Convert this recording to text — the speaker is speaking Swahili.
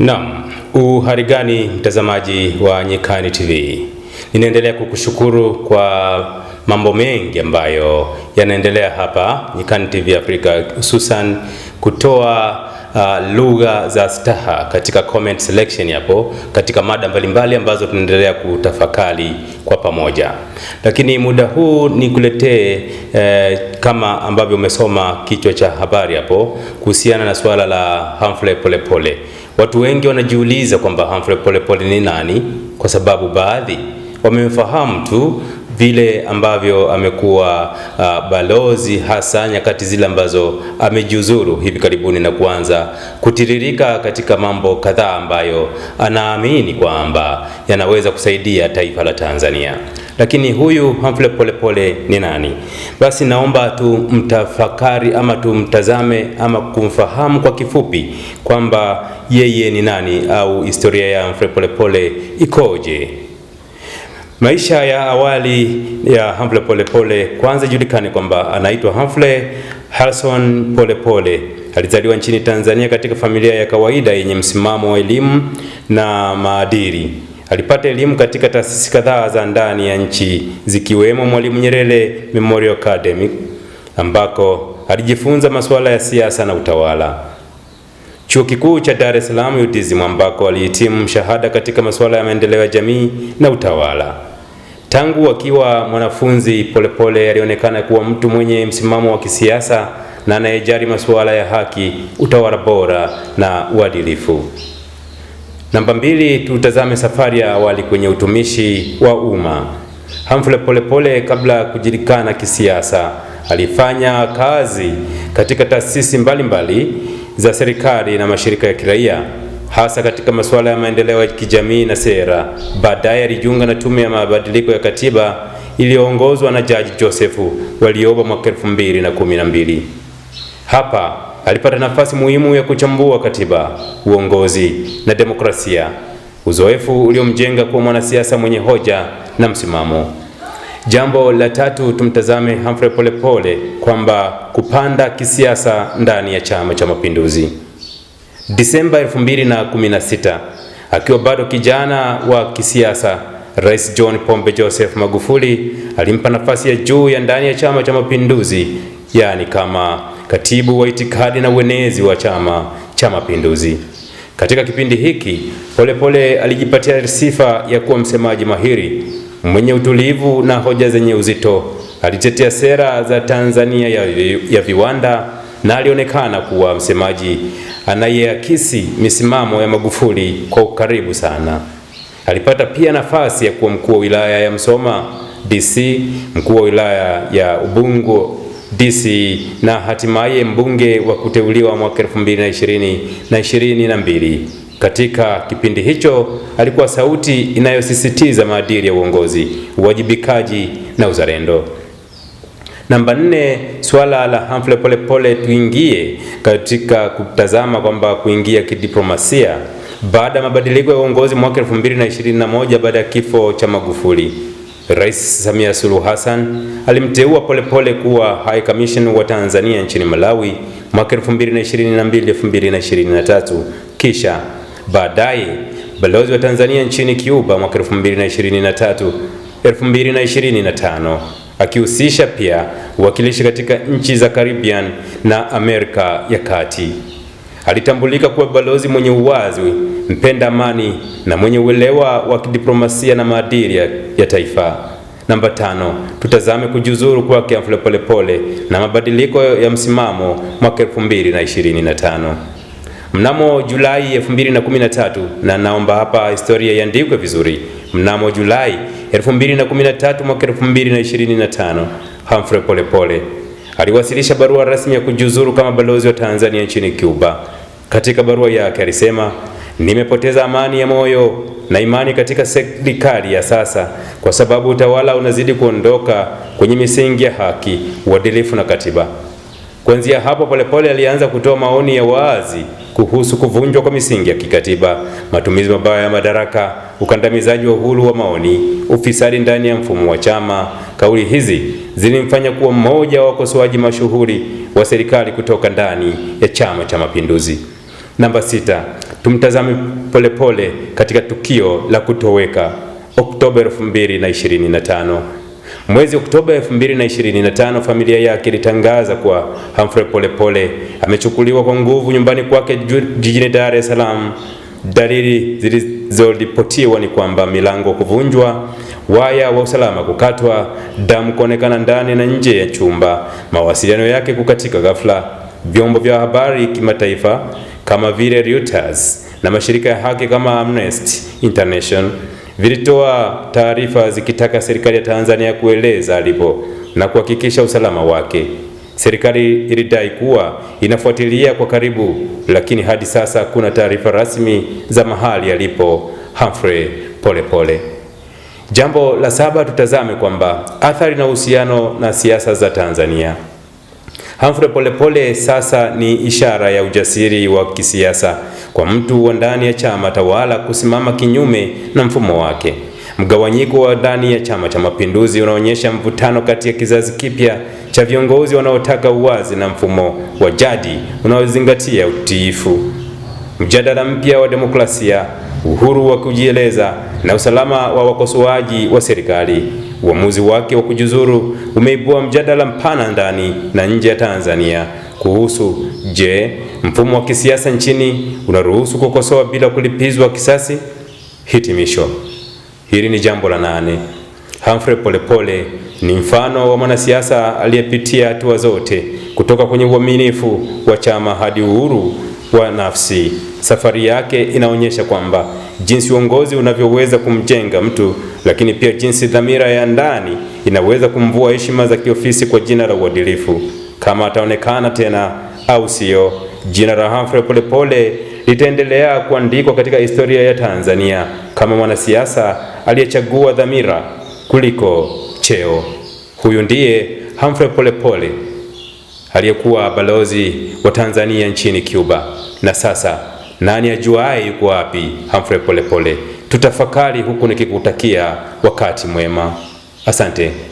Naam, uhari gani mtazamaji wa Nyikani TV? Ninaendelea kukushukuru kwa mambo mengi ambayo yanaendelea hapa Nyikani TV Afrika, hususan kutoa uh, lugha za staha katika comment selection hapo katika mada mbalimbali ambazo tunaendelea kutafakari kwa pamoja, lakini muda huu nikuletee eh, kama ambavyo umesoma kichwa cha habari hapo kuhusiana na suala la Humphrey Polepole pole. Watu wengi wanajiuliza kwamba Humphrey Polepole ni nani, kwa sababu baadhi wamemfahamu tu vile ambavyo amekuwa uh, balozi hasa nyakati zile ambazo amejiuzuru hivi karibuni na kuanza kutiririka katika mambo kadhaa ambayo anaamini kwamba yanaweza kusaidia taifa la Tanzania lakini huyu Humphrey Polepole ni nani? Basi naomba tumtafakari ama tumtazame ama kumfahamu kwa kifupi kwamba yeye ni nani au historia ya Humphrey Polepole ikoje. Maisha ya awali ya Humphrey Polepole, kwanza julikane kwamba anaitwa Humphrey Harrison Polepole. Alizaliwa nchini Tanzania katika familia ya kawaida yenye msimamo wa elimu na maadili. Alipata elimu katika taasisi kadhaa za ndani ya nchi zikiwemo Mwalimu Nyerere Memorial Academy ambako alijifunza masuala ya siasa na utawala, Chuo Kikuu cha Dar es Salaam UTISM ambako alihitimu shahada katika masuala ya maendeleo ya jamii na utawala. Tangu akiwa mwanafunzi, Polepole alionekana kuwa mtu mwenye msimamo wa kisiasa na anayejali masuala ya haki, utawala bora na uadilifu. Namba mbili, tutazame safari ya awali kwenye utumishi wa umma. Humphrey Polepole kabla ya kujulikana kisiasa, alifanya kazi katika taasisi mbalimbali za serikali na mashirika ya kiraia hasa katika masuala ya maendeleo ya kijamii na sera. Baadaye alijiunga na tume ya mabadiliko ya katiba iliyoongozwa na Jaji Joseph Warioba mwaka 2012. Hapa alipata nafasi muhimu ya kuchambua katiba, uongozi na demokrasia, uzoefu uliomjenga kuwa mwanasiasa mwenye hoja na msimamo. Jambo la tatu, tumtazame Humphrey Polepole kwamba kupanda kisiasa ndani ya Chama cha Mapinduzi. Disemba 2016 akiwa bado kijana wa kisiasa, Rais John Pombe Joseph Magufuli alimpa nafasi ya juu ya ndani ya Chama cha Mapinduzi, yaani kama katibu wa itikadi na uenezi wa Chama cha Mapinduzi. Katika kipindi hiki Polepole pole alijipatia sifa ya kuwa msemaji mahiri mwenye utulivu na hoja zenye uzito. Alitetea sera za Tanzania ya, ya viwanda na alionekana kuwa msemaji anayeakisi misimamo ya Magufuli kwa ukaribu sana. Alipata pia nafasi ya kuwa mkuu wa wilaya ya Msoma DC, mkuu wa wilaya ya Ubungo DC na hatimaye mbunge wa kuteuliwa mwaka 2020 na 22. Katika kipindi hicho alikuwa sauti inayosisitiza maadili ya uongozi, uwajibikaji na uzalendo. Namba nne, swala la Humphrey Polepole, tuingie katika kutazama kwamba kuingia kidiplomasia baada ya mabadiliko ya uongozi mwaka 2021 baada ya kifo cha Magufuli. Rais Samia Suluhu Hassan alimteua Polepole kuwa High Commission wa Tanzania nchini Malawi mwaka 2022 2023, kisha baadaye balozi wa Tanzania nchini Cuba mwaka 2023 2025, akihusisha pia uwakilishi katika nchi za Caribbean na Amerika ya Kati. Alitambulika kuwa balozi mwenye uwazi, mpenda amani na mwenye uelewa wa kidiplomasia na maadili ya taifa. Namba tano, tutazame kujiuzuru kwake Afule Polepole na mabadiliko ya msimamo mwaka tano. Mnamo Julai 2013 na naomba hapa historia iandikwe vizuri. Mnamo Julai 2013 mwaka 2025, Humphrey Polepole aliwasilisha barua rasmi ya kujiuzuru kama balozi wa Tanzania nchini Cuba. Katika barua yake alisema, nimepoteza amani ya moyo na imani katika serikali ya sasa kwa sababu utawala unazidi kuondoka kwenye misingi ya haki, uadilifu na katiba. Kuanzia hapo, Polepole alianza kutoa maoni ya wazi kuhusu kuvunjwa kwa misingi ya kikatiba, matumizi mabaya ya madaraka, ukandamizaji wa uhuru wa maoni, ufisadi ndani ya mfumo wa chama. Kauli hizi zilimfanya kuwa mmoja wa wakosoaji mashuhuri wa serikali kutoka ndani ya Chama cha Mapinduzi. Namba sita, tumtazame Polepole katika tukio la kutoweka Oktoba 2025. Mwezi Oktoba 2025 familia yake ilitangaza kuwa Humphrey Polepole amechukuliwa kwa nguvu nyumbani kwake jijini Dar es Salaam. Dalili zilizoripotiwa ni kwamba milango kuvunjwa, waya wa usalama kukatwa, damu kuonekana ndani na nje ya chumba, mawasiliano yake kukatika ghafla. Vyombo vya habari kimataifa kama vile Reuters na mashirika ya haki kama Amnesty International vilitoa taarifa zikitaka serikali ya Tanzania kueleza alipo na kuhakikisha usalama wake. Serikali ilidai kuwa inafuatilia kwa karibu, lakini hadi sasa hakuna taarifa rasmi za mahali alipo Humphrey Polepole. Jambo la saba, tutazame kwamba athari na uhusiano na siasa za Tanzania. Humphrey Polepole sasa ni ishara ya ujasiri wa kisiasa kwa mtu wa ndani ya chama tawala kusimama kinyume na mfumo wake. Mgawanyiko wa ndani ya Chama cha Mapinduzi unaonyesha mvutano kati ya kizazi kipya cha viongozi wanaotaka uwazi na mfumo wa jadi unaozingatia utiifu. Mjadala mpya wa demokrasia, uhuru wa kujieleza na usalama wa wakosoaji wa serikali. Uamuzi wake wa kujuzuru umeibua mjadala mpana ndani na nje ya Tanzania kuhusu je, mfumo wa kisiasa nchini unaruhusu kukosoa bila kulipizwa kisasi? Hitimisho. Hili ni jambo la nane. Humphrey Polepole ni mfano wa mwanasiasa aliyepitia hatua zote kutoka kwenye uaminifu wa chama hadi uhuru wa nafsi. Safari yake inaonyesha kwamba jinsi uongozi unavyoweza kumjenga mtu, lakini pia jinsi dhamira ya ndani inaweza kumvua heshima za kiofisi kwa jina la uadilifu kama ataonekana tena au sio. Jina la Humphrey Polepole litaendelea kuandikwa katika historia ya Tanzania kama mwanasiasa aliyechagua dhamira kuliko cheo. Huyu ndiye Humphrey Polepole aliyekuwa balozi wa Tanzania nchini Cuba. Na sasa nani ajuaye yuko wapi Humphrey Polepole? Tutafakari huku nikikutakia wakati mwema. Asante.